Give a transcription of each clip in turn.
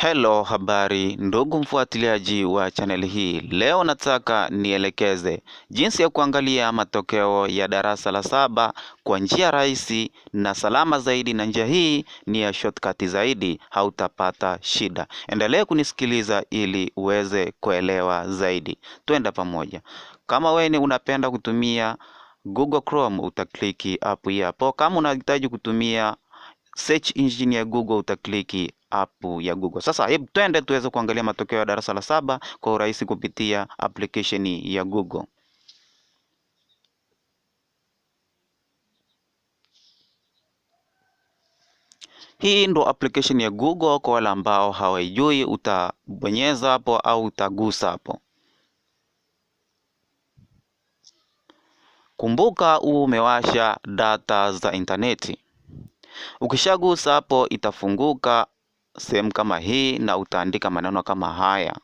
Hello, habari ndugu mfuatiliaji wa chaneli hii. Leo nataka nielekeze jinsi ya kuangalia matokeo ya darasa la saba kwa njia rahisi na salama zaidi, na njia hii ni ya shortcut zaidi, hautapata shida. Endelea kunisikiliza ili uweze kuelewa zaidi, twenda pamoja. Kama wewe unapenda kutumia Google Chrome utakliki hapo hapo. Kama unahitaji kutumia search engine ya Google utakliki app ya Google. Sasa hebu twende tuweze kuangalia matokeo ya darasa la saba kwa urahisi kupitia application ya Google. Hii ndo application ya Google kwa wale ambao hawaijui, utabonyeza hapo au utagusa hapo. Kumbuka umewasha data za intaneti. Ukishagusa hapo, itafunguka sehemu kama hii na utaandika maneno kama haya.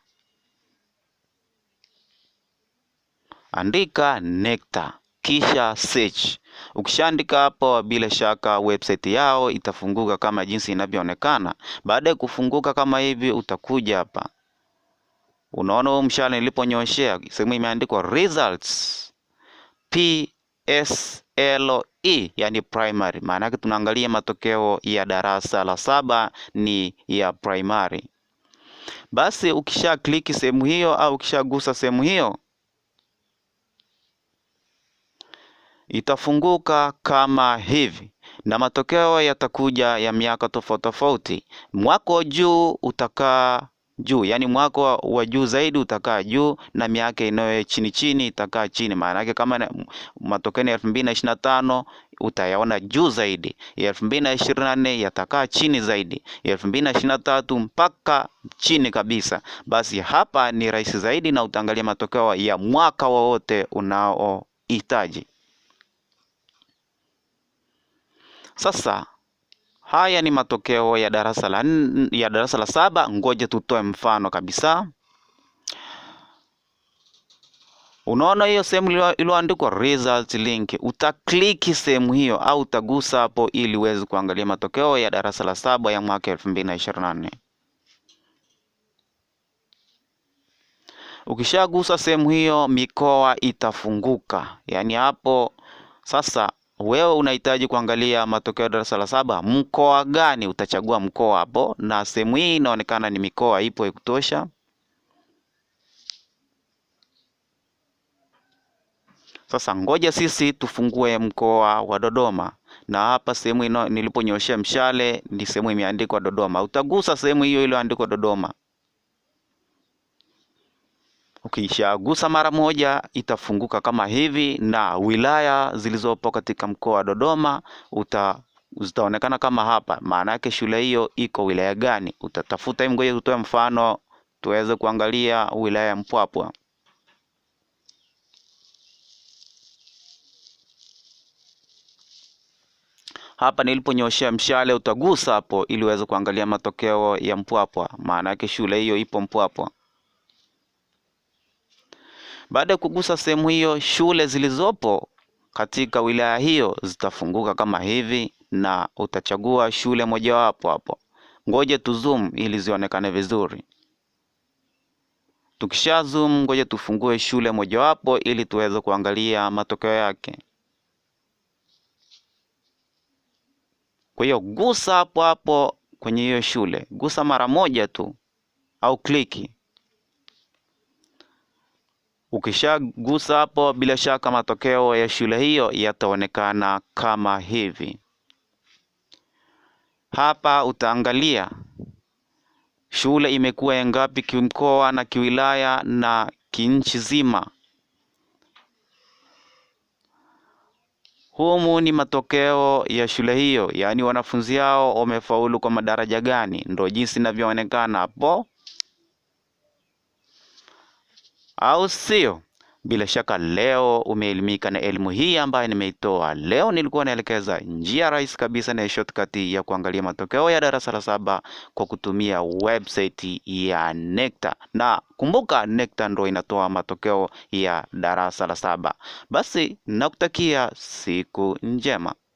Andika NECTA kisha search. Ukishaandika hapo, bila shaka website yao itafunguka kama jinsi inavyoonekana. Baada ya kufunguka kama hivi, utakuja hapa, unaona huu mshale niliponyoshea, sehemu imeandikwa results p SLE yani primary. Maana yake tunaangalia matokeo ya darasa la saba ni ya primary. Basi ukisha kliki sehemu hiyo au ukishagusa sehemu hiyo itafunguka kama hivi, na matokeo yatakuja ya miaka tofauti tofauti. Mwaka juu utakaa juu, yaani mwaka wa juu zaidi utakaa juu na miaka inayo chini chini itakaa chini. Maana yake kama matokeo ya elfu mbili na na tano utayaona juu zaidi, elfu mbili na ishirini na nne yatakaa chini zaidi, elfu mbili na ishirini na tatu mpaka chini kabisa. Basi hapa ni rahisi zaidi, na utaangalia matokeo ya mwaka wowote unaohitaji. Sasa Haya ni matokeo ya darasa la, ya darasa la saba. Ngoja tutoe mfano kabisa. Unaona hiyo sehemu iliyoandikwa results link, utakliki sehemu hiyo au utagusa hapo ili uweze kuangalia matokeo ya darasa la saba ya mwaka 2024. Ukishagusa sehemu hiyo, mikoa itafunguka, yaani hapo sasa wewe unahitaji kuangalia matokeo ya darasa la saba, mkoa gani utachagua mkoa hapo, na sehemu hii inaonekana ni mikoa ipo ya kutosha. Sasa ngoja sisi tufungue mkoa wa Dodoma, na hapa sehemu niliponyoshea mshale ni sehemu imeandikwa Dodoma. Utagusa sehemu hiyo iliyoandikwa Dodoma. Ukishagusa mara moja itafunguka kama hivi, na wilaya zilizopo katika mkoa wa Dodoma uta zitaonekana kama hapa. Maana yake shule hiyo iko wilaya gani? Utatafuta hivi, ngoja tutoe mfano tuweze kuangalia wilaya ya Mpwapwa. Hapa niliponyoshea mshale utagusa hapo ili uweze kuangalia matokeo ya Mpwapwa. Maana yake shule hiyo ipo Mpwapwa. Baada ya kugusa sehemu hiyo, shule zilizopo katika wilaya hiyo zitafunguka kama hivi, na utachagua shule mojawapo hapo. Ngoje tu zoom ili zionekane vizuri. Tukisha zoom, ngoja tufungue shule mojawapo ili tuweze kuangalia matokeo yake. Kwa hiyo gusa hapo hapo kwenye hiyo shule, gusa mara moja tu au kliki. Ukishagusa hapo, bila shaka matokeo ya shule hiyo yataonekana kama hivi. Hapa utaangalia shule imekuwa ya ngapi kimkoa na kiwilaya na kinchi zima. Humu ni matokeo ya shule hiyo, yaani wanafunzi hao wamefaulu kwa madaraja gani, ndo jinsi inavyoonekana hapo au sio? Bila shaka leo umeelimika na elimu hii ambayo nimeitoa leo. Nilikuwa naelekeza njia rahisi kabisa na shortcut ya kuangalia matokeo ya darasa la saba kwa kutumia website ya NECTA, na kumbuka NECTA ndo inatoa matokeo ya darasa la saba. Basi nakutakia siku njema.